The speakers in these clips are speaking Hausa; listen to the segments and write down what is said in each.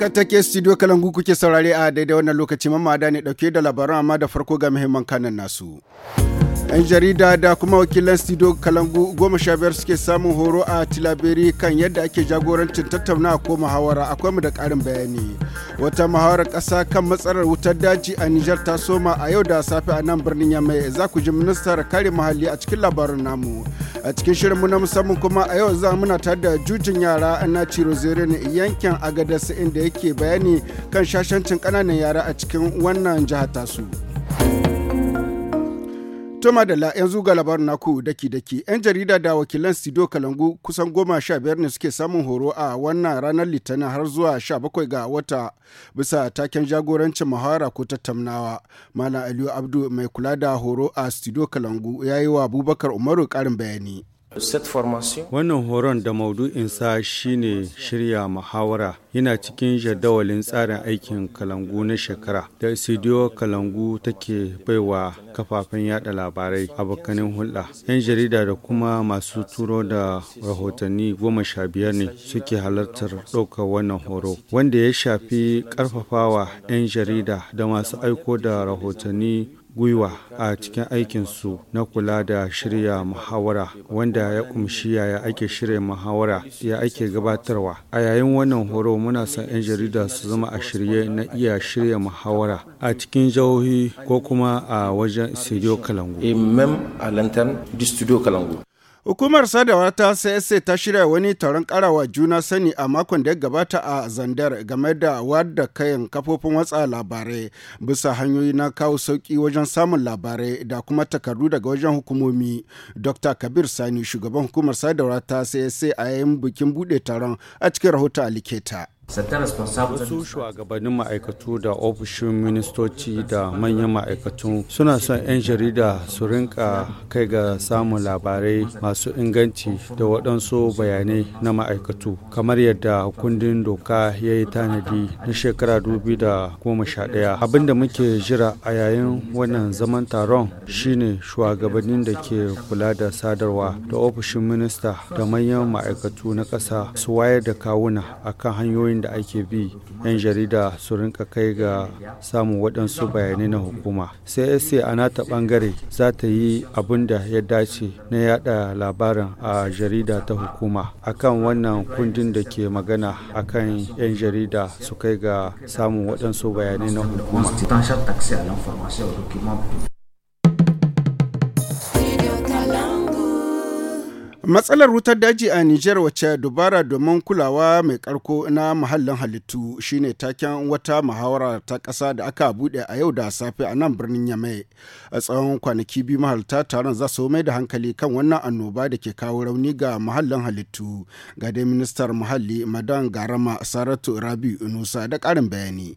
Katake studio kalangu kuke saurare a daidai wannan lokaci da ne dauke da labaran amma da farko ga muhimman kanan nasu. 'yan jarida da kuma wakilan studio kalangu goma sha biyar suke samun horo a tilaberi kan yadda ake jagorancin tattaunawa ko muhawara akwai mu da karin bayani wata muhawarar kasa kan matsalar wutar daji a nijar ta soma a yau da safe a nan birnin yamai za ku ji ministar kare muhalli a cikin labarin namu a cikin shirinmu na musamman kuma a yau za muna tare da jujin yara na ciro ne yankin agadas inda yake bayani kan shashancin kananan yara a cikin wannan jihar tasu. Tuma da yanzu zuga labarin naku daki-daki, 'yan jarida da wakilan Sido Kalangu kusan goma sha biyar ne suke samun horo a wannan ranar Litinin har zuwa sha bakwai ga wata bisa taken jagorancin muhawara ko tattaunawa. Malam Aliyu Abdu mai kula da horo a Sido Kalangu ya yi wa Abubakar Umaru karin bayani. Wannan horon da maudu'insa shine shirya muhawara yana cikin jadawalin tsarin aikin kalangu na shekara da studio kalangu take baiwa kafafen yada labarai a abokanin hulɗa. 'Yan jarida da kuma masu turo da rahotanni goma sha biyar ne suke halartar ɗaukar wannan horo wanda ya shafi ƙarfafawa 'yan jarida da masu aiko da rahotanni gwiwa a cikin aikinsu na kula da shirya muhawara wanda ya kumshi yaya ake shirya muhawara ya ake gabatarwa a yayin wannan horo muna son 'yan jarida su zama a shirye na iya shirya muhawara a cikin jihohi ko kuma a wajen studio kalangu Hukumar sadarwa ta ta shirya wani taron karawa juna sani a makon da ya gabata a Zandar game da wadda kayan kafofin watsa labarai bisa hanyoyi na kawo sauki wajen samun labarai da kuma takardu daga wajen hukumomi. Dr. Kabir Sani shugaban hukumar sadarwa ta sai a yayin bikin buɗe taron a cikin rahoton Aliketa. Wasu shugabannin ma'aikatu da ofishin ministoci da manyan ma'aikatu suna son 'yan jarida su rinka kai ga samun labarai masu inganci da waɗansu bayanai na ma'aikatu kamar yadda kundin doka ya yi tanadi na shekara 2011 abinda muke jira a yayin wannan zaman taron shine shugabannin da ke kula da sadarwa da ofishin minista da manyan ma'aikatu na ƙasa su wayar da kawuna akan hanyoyin da ake bi 'yan jarida su rinka kai ga samun waɗansu bayanai na hukuma sai sa a nata ɓangare za ta yi abin da ya dace na yada labarin a jarida ta hukuma akan wannan kundin da ke magana akan 'yan jarida su kai ga samun waɗansu bayanai na hukuma Matsalar wutar daji a Nijar wacce dubara domin kulawa mai karko na muhallin halittu shine taken wata muhawara ta ƙasa da aka buɗe a yau da safe a nan birnin Yamai. A tsawon kwanaki biyu mahalta taron za su mai da hankali kan wannan annoba da ke kawo rauni ga muhallin halittu. Ga dai ministar muhalli Madan Garama Saratu Rabi Nusa da karin bayani.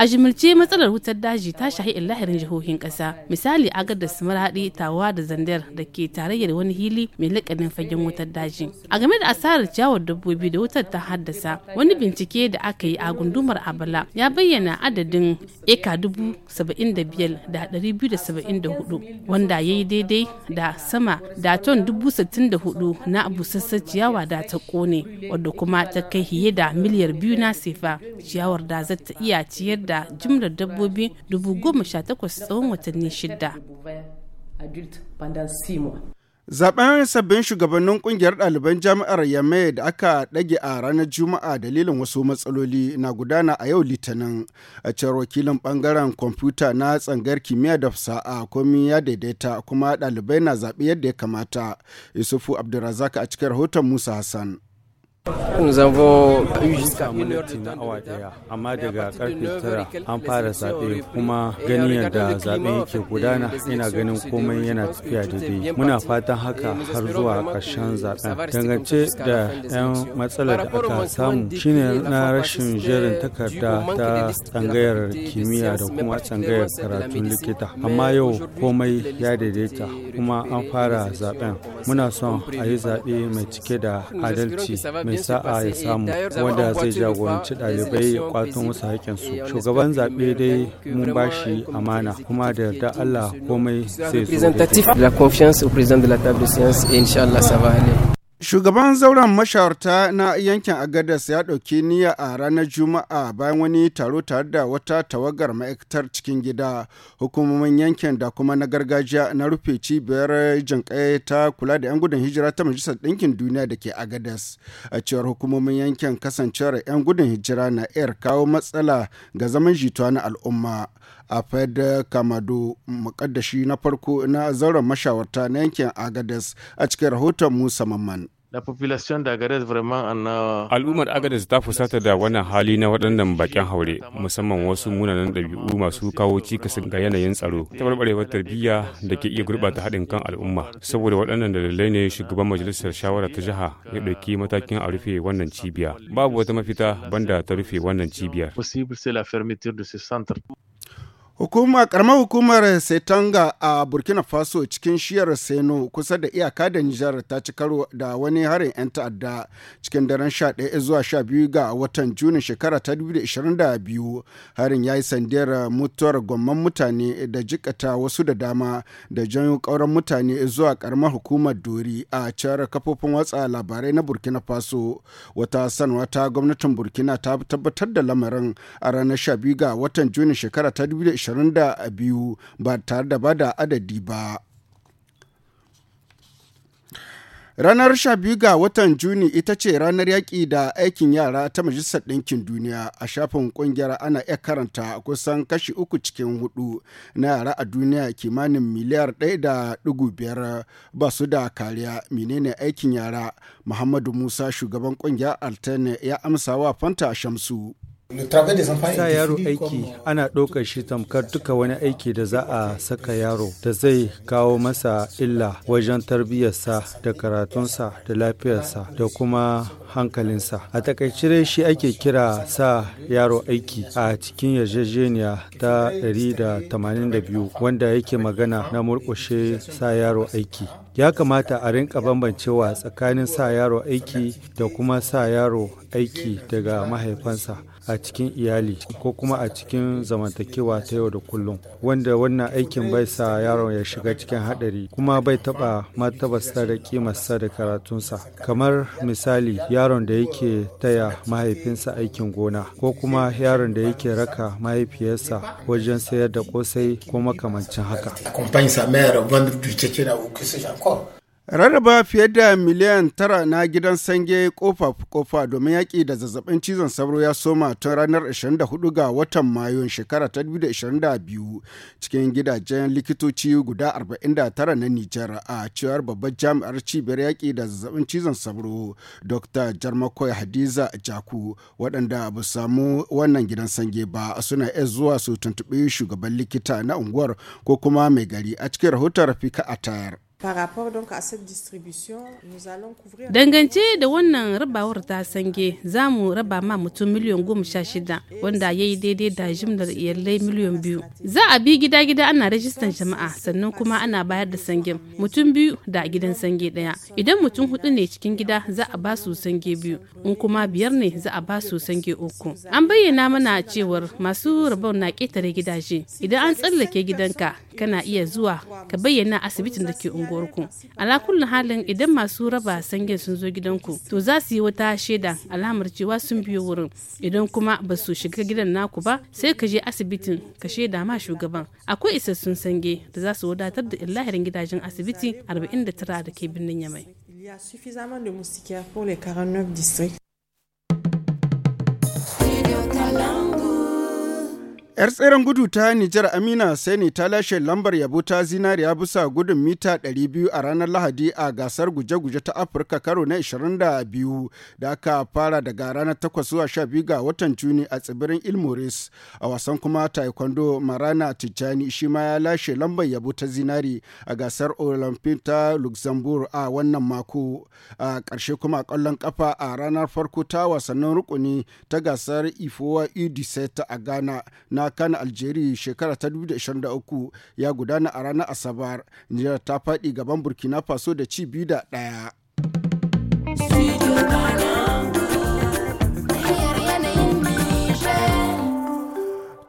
a jimilce matsalar wutar daji ta shahi lahirin jihohin kasa misali agar da maradi tawa da zandar da ke tarayyar wani hili mai lakanin fagen wutar daji a game da asarar ciyawar dabbobi da wutar ta haddasa wani bincike da aka yi a gundumar abala ya bayyana adadin eka dubu saba'in da biyar da dari biyu da saba'in da hudu wanda ya yi daidai da sama da ton dubu sittin da hudu na busassar ciyawa da ta kone wadda kuma ta kai hiye da miliyar biyu na sefa ciyawar da zata iya ciyar da. da jimlar dabbobi 18,000 tsawon watanni shida. Zaben sabbin shugabannin kungiyar ɗaliban jami'ar Yamai da aka ɗage a ranar Juma'a dalilin wasu matsaloli na gudana a yau Litinin a cewar wakilin ɓangaren kwamfuta na tsangar kimiyya da fasaha komi ya daidaita kuma ɗalibai na zaɓi yadda ya kamata. Yusufu Abdulrazak a cikin rahoton Musa Hassan. Nous avons eu jusqu'à minti na awa daya, amma daga karfe tara an fara zaɓe kuma ganin yadda zaɓe ke gudana ina ganin komai yana tafiya daidai. Muna fatan haka har zuwa ƙarshen zaɓen. Dangance da 'yan matsalar da aka samu shine na rashin jerin takarda ta tsangayar kimiyya da kuma tsangayar karatun likita. Amma yau komai ya daidaita kuma an fara zaɓen. Muna son a yi zaɓe mai cike da adalci mai sa'a ya samu wanda zai jagoranci ɗalibai kwatan wasu haƙƙinsu shugaban zaɓe dai mun ba shi amana kuma da yarda Allah komai zai zo. Shugaban zauren mashawarta na yankin Agadas ya ɗauki niyya a ranar Juma'a bayan wani taro tare da wata tawagar ma'aikatar cikin gida hukumomin yankin da kuma na gargajiya na rufe cibiyar jinƙai ta kula da 'yan gudun hijira ta Majalisar Ɗinkin Duniya da ke Agadas. A cewar hukumomin yankin kasancewar 'yan gudun hijira na 'yar kawo matsala ga zaman jituwa na al'umma. a fada kamado makaddashi na farko na zauren mashawarta na yankin agades a cikin rahoton musa mamman population vraiment al'ummar Agadez ta fusata da wannan hali na waɗannan bakin haure musamman wasu munanan ɗabi'u masu kawo cikasin ga yanayin tsaro barbarewar tarbiyya da ke iya gurɓata haɗin kan al'umma saboda waɗannan dalilai ne shugaban majalisar shawara ta jiha ya ɗauki matakin a rufe wannan cibiyar babu wata mafita banda ta rufe wannan cibiyar Hukuma karamar hukumar Setanga a Burkina Faso cikin shiyar Seno kusa da iyaka da Nijar ta ci karo da wani harin 'yan ta'adda cikin daren 11 zuwa 12 ga watan Junin shekara ta 2022. Harin ya yi sandiyar mutuwar gwamman mutane da jikata wasu da dama da janyo kauran mutane zuwa karamar hukumar Dori a cewar kafofin watsa labarai na Burkina Faso. Wata sanwa ta gwamnatin Burkina ta tabbatar da lamarin a ranar 12 ga watan Junin shekara ta 2022. 22 ba tare da bada adadi ba. Ranar 12 ga watan Juni ita ce ranar yaƙi da aikin yara ta Majalisar Ɗinkin Duniya a shafin ƙungiyar ana iya karanta kusan kashi uku cikin hudu na yara a duniya kimanin miliyar ɗaya da ɗigu biyar ba su da kariya menene aikin yara Muhammadu Musa shugaban ƙungiyar Altene ya amsa wa Fanta Shamsu. Sa yaro aiki ana ɗaukar shi tamkar duka wani aiki da za a saka yaro da zai kawo masa illa wajen tarbiyyarsa da karatunsa da lafiyarsa da kuma hankalinsa. A takaice shi ake kira sa yaro aiki a cikin yarjejeniya ta 182 wanda yake magana na murƙushe sa yaro aiki. ya kamata a rinka bambancewa tsakanin sa yaro aiki da kuma sa yaro aiki daga mahaifansa a cikin iyali ko kuma a cikin zamantakewa ta yau da kullum wanda wannan aikin bai sa yaron ya shiga cikin hadari kuma bai taba martabarsa da kimarsa da karatunsa kamar misali yaron da yake taya mahaifinsa aikin gona ko kuma yaron da yake raka mahaifiyarsa wajen sayar da kosai ko makamancin haka. rarraba fiye da miliyan tara na gidan sange kofa-kofa domin yaƙi da zazzabin cizon sauro ya soma tun ranar 24 ga watan mayun shekara ta 2022 cikin gidajen likitoci guda 49 na nijar a cewar babbar jami'ar cibiyar yaƙi da zazzabin cizon sauro dr jarmakoy hadiza jaku waɗanda ba samu wannan gidan sange ba suna iya zuwa su tuntuɓi shugaban likita na unguwar ko kuma mai gari a cikin rahoton rafika tayar. Dangance da wannan rabawar ta sange za mu raba ma mutum miliyan goma sha shida wanda ya yi daidai da jimlar iyalai miliyan biyu. Za a bi gida-gida ana rajistan jama'a sannan kuma ana bayar da sange mutum biyu da gidan sange daya Idan mutum hudu ne cikin gida za a ba su sange biyu in kuma biyar ne za a ba su sange uku. An bayyana mana cewar masu rabon na ketare gidaje. Idan an tsallake gidanka kana iya zuwa ka bayyana asibitin da ke unguwa. unguwarku ala kullum halin idan masu raba sange sun zo gidanku to za su yi wata shaida alamar cewa sun biyo wurin idan kuma ba su shiga gidan naku ba sai ka je asibitin ka shaida ma shugaban akwai isassun sange da za su wadatar da illahirin gidajen asibiti 49 da ke birnin yamai 'Yar tseren gudu ta Nijar Amina Sani ta lashe lambar yabo ta zinariya bisa gudun mita 200 a ranar Lahadi a gasar guje-guje ta Afirka karo na 22 da aka fara daga ranar 8 zuwa 12 ga watan Juni a tsibirin Ilmoris. A wasan kuma Taekwondo Marana Tijjani shi ma ya lashe lambar yabo ta zinari a gasar Olympic ta Luxembourg a wannan mako. A ƙarshe kuma ƙwallon kafa a ranar farko ta wasannin rukuni ta gasar Ifowa ta a Ghana na saka na algeria shekara ta 2023 ya gudana a ranar asabar nijar ta faɗi gaban burkina faso da ci biyu da ɗaya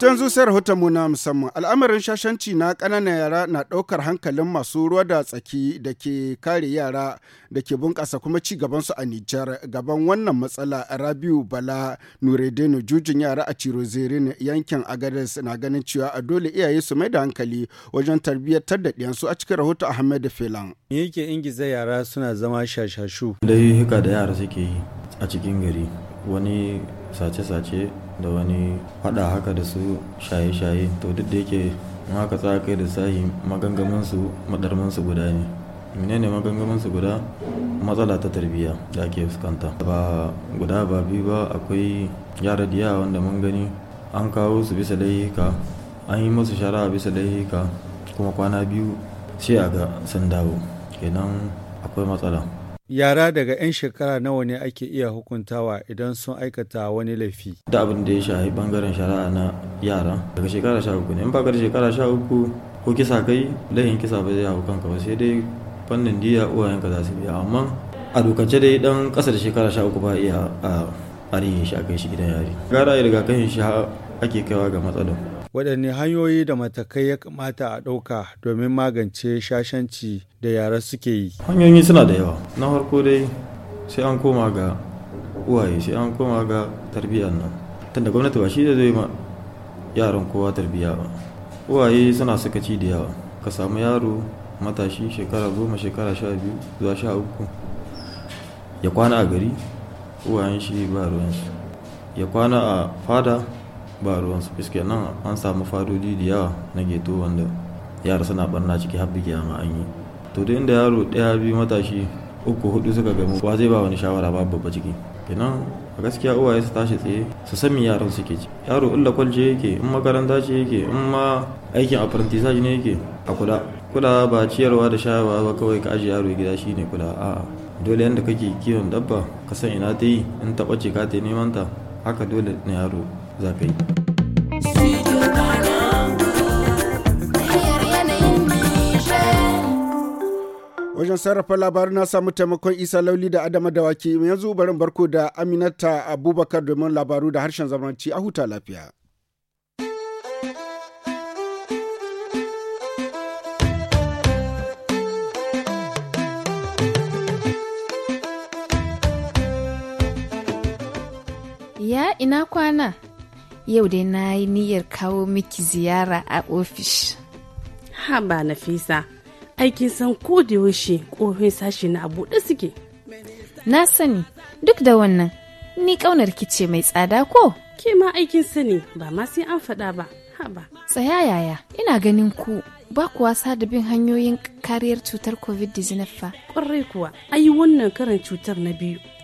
Tun zusar rahoton mu na musamman al'amarin shashanci na ƙananan yara na ɗaukar hankalin masu ruwa da tsaki da ke kare yara da ke bunƙasa kuma ci gaban su a Nijar gaban wannan matsala Rabiu Bala Nureddin jujin yara a Cirozerin yankin Agadez na ganin cewa a dole iyaye su mai da hankali wajen tarbiyyar da ɗiyansu a cikin rahoton Ahmed filan. Me yake ingiza yara suna zama shashashu? Da da yara suke yi a cikin gari wani sace-sace da wani fada haka da su shaye-shaye to duk da yake in haka tsaya kai da sahi madarman su guda ne menene su guda matsala ta tarbiyya da ake fuskanta ba guda ba biyu ba akwai yara da wanda mun gani an kawo su bisa laihika an yi musu shara bisa laihika kuma kwana biyu sai a ga sun dawo kenan akwai matsala yara daga 'yan shekara nawa ne ake iya hukuntawa idan sun aikata wani laifi da abin da ya shahi bangaren shari'a na yara daga shekara sha uku ne in bakar shekara sha uku ko kisa kai laifin kisa ba zai hau kanka ba sai dai fannin diya uwayenka za su biya amma a dokance dai dan kasa da shekara sha uku ba iya a arihin shi a kai shi gidan yari gara ya rigakafin shi ake kaiwa ga matsalar waɗanne hanyoyi da matakai ya kamata a ɗauka domin magance shashanci da yara suke yi hanyoyi suna da yawa na farko dai sai an koma ga uwaye sai an koma ga tarbiyyar nan da gwamnati ba shi da zai ma yaran kowa tarbiyya ba uwaye suna sakaci da yawa ka samu yaro matashi shekara goma shekara sha biyu zuwa sha uku ya kwana a gari uwayen shi ba ruwan shi ya kwana a fada ba su fiske nan an samu fadodi da yawa na geto wanda yara suna barna ciki har bigiya ma an yi to da inda yaro ɗaya biyu matashi uku hudu suka gamu ba zai ba wani shawara ba babba ciki kenan a gaskiya uwaye su tashi tsaye su san me yaran suke ci yaro in lakwalce yake in makaranta ce yake in ma aikin apprentissage ne yake a kula kula ba ciyarwa da shayarwa ba kawai ka ajiye yaro gida shine kula a'a dole yanda kake kiwon dabba ka san ina ta yi in taɓa ce ka ta neman ta haka dole na yaro vous en prie. wajen sarrafa labarin na samu taimakon isa lauli da adama da wake dawaki yanzu barin barko da aminata abubakar domin labaru da harshen zamanci a huta lafiya ya ina kwana yau dai na yi niyyar kawo miki ziyara a ofis. Ha ba Nafisa, aikin san ko da yaushe ƙofin sashi na buɗe suke. Na sani, duk da wannan, ni ƙaunar kice mai tsada ko? Ke ma aikin sani ba ma sai an faɗa ba, ha Tsaya yaya, ina ganin ku ba kuwa da bin hanyoyin kariyar cutar COVID-19 fa. Ƙwarai kuwa, ayi wannan karin cutar na biyu.